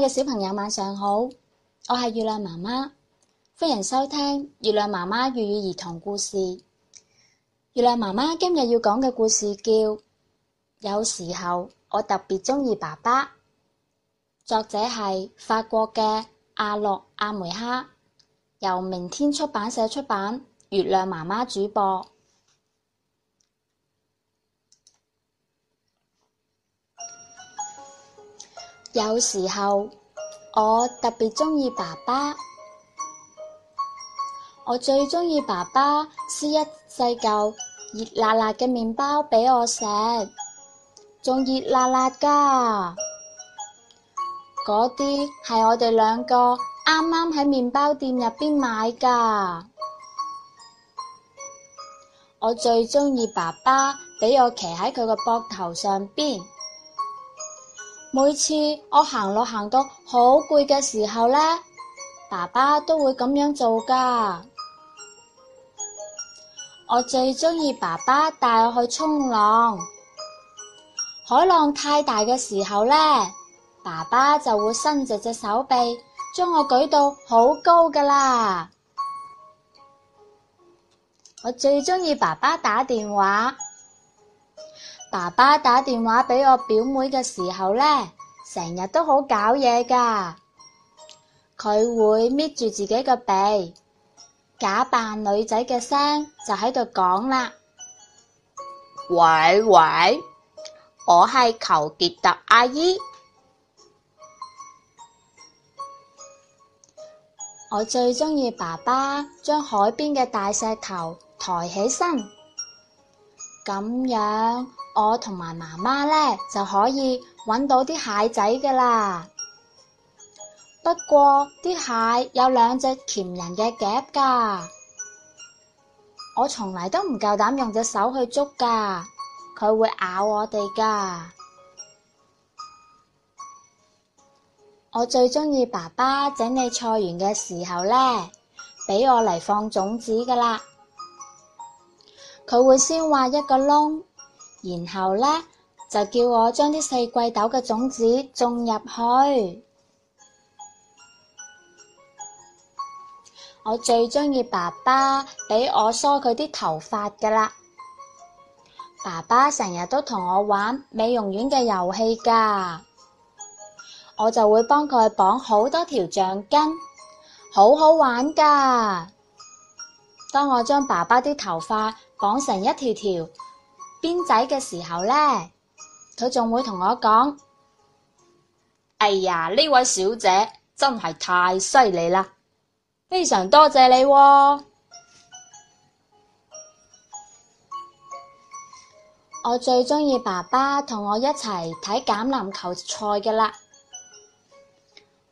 嘅小朋友晚上好，我係月亮媽媽，歡迎收聽月亮媽媽粵語兒童故事。月亮媽媽今日要講嘅故事叫《有時候我特別鍾意爸爸》，作者係法國嘅阿洛阿梅哈，由明天出版社出版。月亮媽媽主播。有時候我特別鍾意爸爸，我最鍾意爸爸撕一細嚿熱辣辣嘅麵包畀我食，仲熱辣辣㗎。嗰啲係我哋兩個啱啱喺麵包店入邊買㗎。我最鍾意爸爸俾我騎喺佢個膊頭上邊。每次我行路行到好攰嘅時候呢，爸爸都會咁樣做噶。我最鍾意爸爸帶我去衝浪，海浪太大嘅時候呢，爸爸就會伸直隻手臂將我舉到好高噶啦。我最鍾意爸爸打電話。爸爸打電話俾我表妹嘅時候呢，成日都好搞嘢噶。佢會搣住自己個鼻，假扮女仔嘅聲就喺度講啦：喂喂，我係求傑特阿姨。我最鍾意爸爸將海邊嘅大石頭抬起身，咁樣。我同埋媽媽呢，就可以搵到啲蟹仔噶啦。不過啲蟹有兩隻鉗人嘅夾噶，我從來都唔夠膽用隻手去捉噶，佢會咬我哋噶。我最鍾意爸爸整理菜園嘅時候呢，俾我嚟放種子噶啦。佢會先挖一個窿。然後呢，就叫我將啲四季豆嘅種子種入去。我最鍾意爸爸俾我梳佢啲頭髮噶啦。爸爸成日都同我玩美容院嘅遊戲噶，我就會幫佢綁好多條橡筋，好好玩噶。當我將爸爸啲頭髮綁成一條條，邊仔嘅時候呢，佢仲會同我講：哎呀，呢位小姐真係太犀利啦！非常多謝你喎。我最鍾意爸爸同我一齊睇橄欖球賽嘅啦，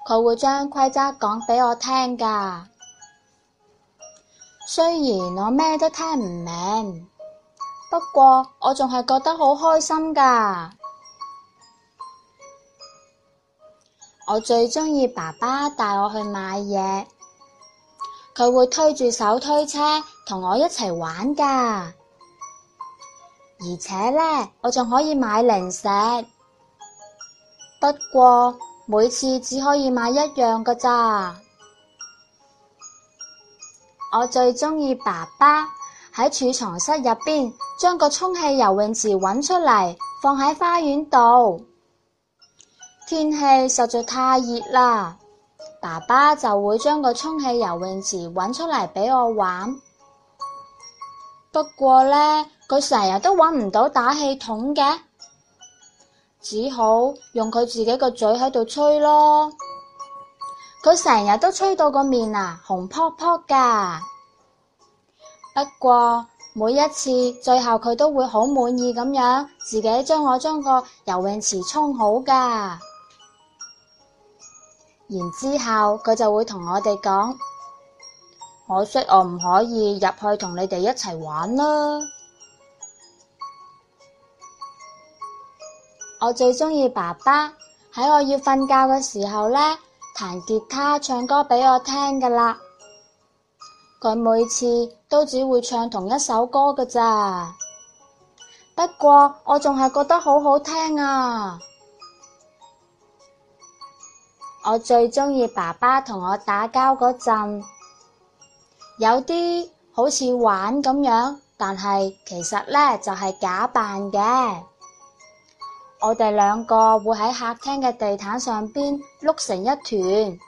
佢會將規則講畀我聽噶，雖然我咩都聽唔明。不過我仲係覺得好開心噶，我最鍾意爸爸帶我去買嘢，佢會推住手推車同我一齊玩噶，而且呢，我仲可以買零食。不過每次只可以買一樣噶咋，我最鍾意爸爸。喺儲藏室入邊將個充氣游泳池揾出嚟，放喺花園度。天氣實在太熱啦，爸爸就會將個充氣游泳池揾出嚟俾我玩。不過呢，佢成日都揾唔到打氣筒嘅，只好用佢自己個嘴喺度吹咯。佢成日都吹到個面啊，紅撲撲㗎。不過每一次最後佢都會好滿意咁樣，自己將我將個游泳池沖好噶。然之後佢就會同我哋講：可惜我識我唔可以入去同你哋一齊玩咯。我最鍾意爸爸喺我要瞓覺嘅時候呢彈吉他唱歌俾我聽噶啦。佢每次都只會唱同一首歌嘅咋，不過我仲係覺得好好聽啊！我最鍾意爸爸同我打交嗰陣，有啲好似玩咁樣，但係其實咧就係、是、假扮嘅。我哋兩個會喺客廳嘅地毯上邊碌成一團，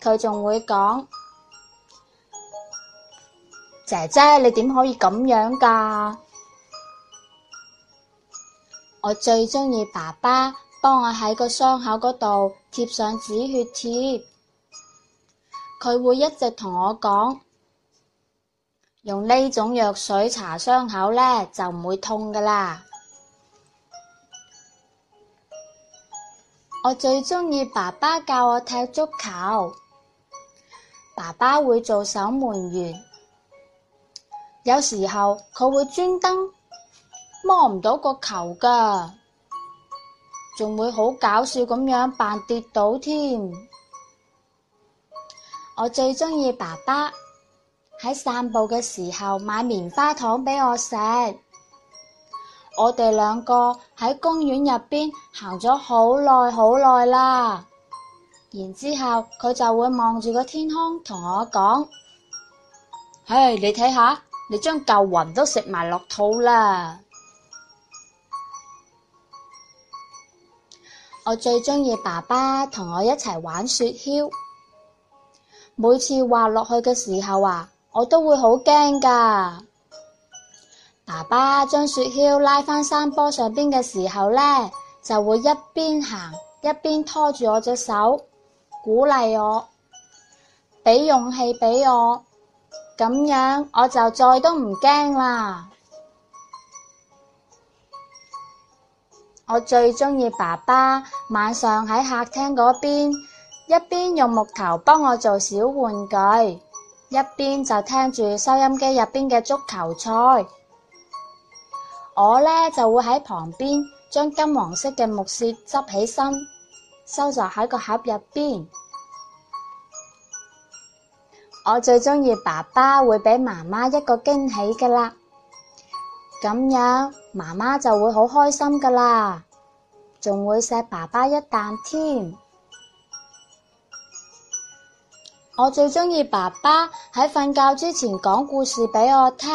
佢仲會講。姐姐，你點可以咁樣噶？我最鍾意爸爸幫我喺個傷口嗰度貼上止血貼，佢會一直同我講，用呢種藥水搽傷口呢，就唔會痛噶啦。我最鍾意爸爸教我踢足球，爸爸會做守門員。有時候佢會專登摸唔到個球噶仲會好搞笑咁樣扮跌倒添。我最鍾意爸爸喺散步嘅時候買棉花糖俾我食。我哋兩個喺公園入邊行咗好耐好耐啦,然之後佢就會望住個天空同我講：唉，hey，你睇下。你將舊雲都食埋落肚啦！我最鍾意爸爸同我一齊玩雪橇，每次滑落去嘅時候啊，我都會好驚噶。爸爸將雪橇拉返山坡上邊嘅時候咧，就會一邊行一邊拖住我隻手，鼓勵我，俾勇氣俾我。咁樣我就再都唔驚啦！我最鍾意爸爸晚上喺客廳嗰邊，一邊用木頭幫我做小玩具，一邊就聽住收音機入邊嘅足球賽。我咧就會喺旁邊將金黃色嘅木屑執起身，收集喺個盒入邊。我最鍾意爸爸會畀媽媽一個驚喜噶啦，咁樣媽媽就會好開心噶啦，仲會錫爸爸一啖添。我最鍾意爸爸喺瞓覺之前講故事畀我聽，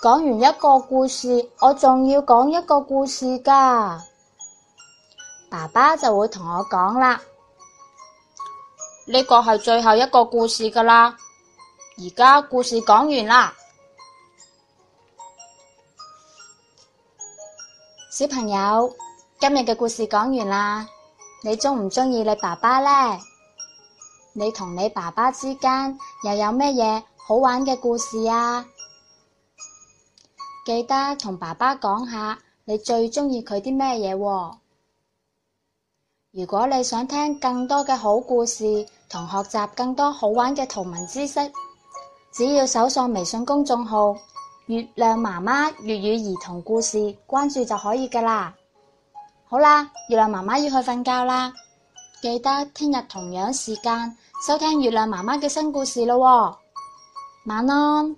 講完一個故事，我仲要講一個故事噶，爸爸就會同我講啦。呢個係最後一個故事噶啦，而家故事講完啦。小朋友，今日嘅故事講完啦，你鍾唔鍾意你爸爸呢？你同你爸爸之間又有咩嘢好玩嘅故事啊？記得同爸爸講下你最鍾意佢啲咩嘢。如果你想聽更多嘅好故事，同學習更多好玩嘅圖文知識，只要搜索微信公眾號《月亮媽媽粵語兒童故事》，關注就可以噶啦。好啦，月亮媽媽要去瞓覺啦，記得聽日同樣時間收聽月亮媽媽嘅新故事喇喎。晚安。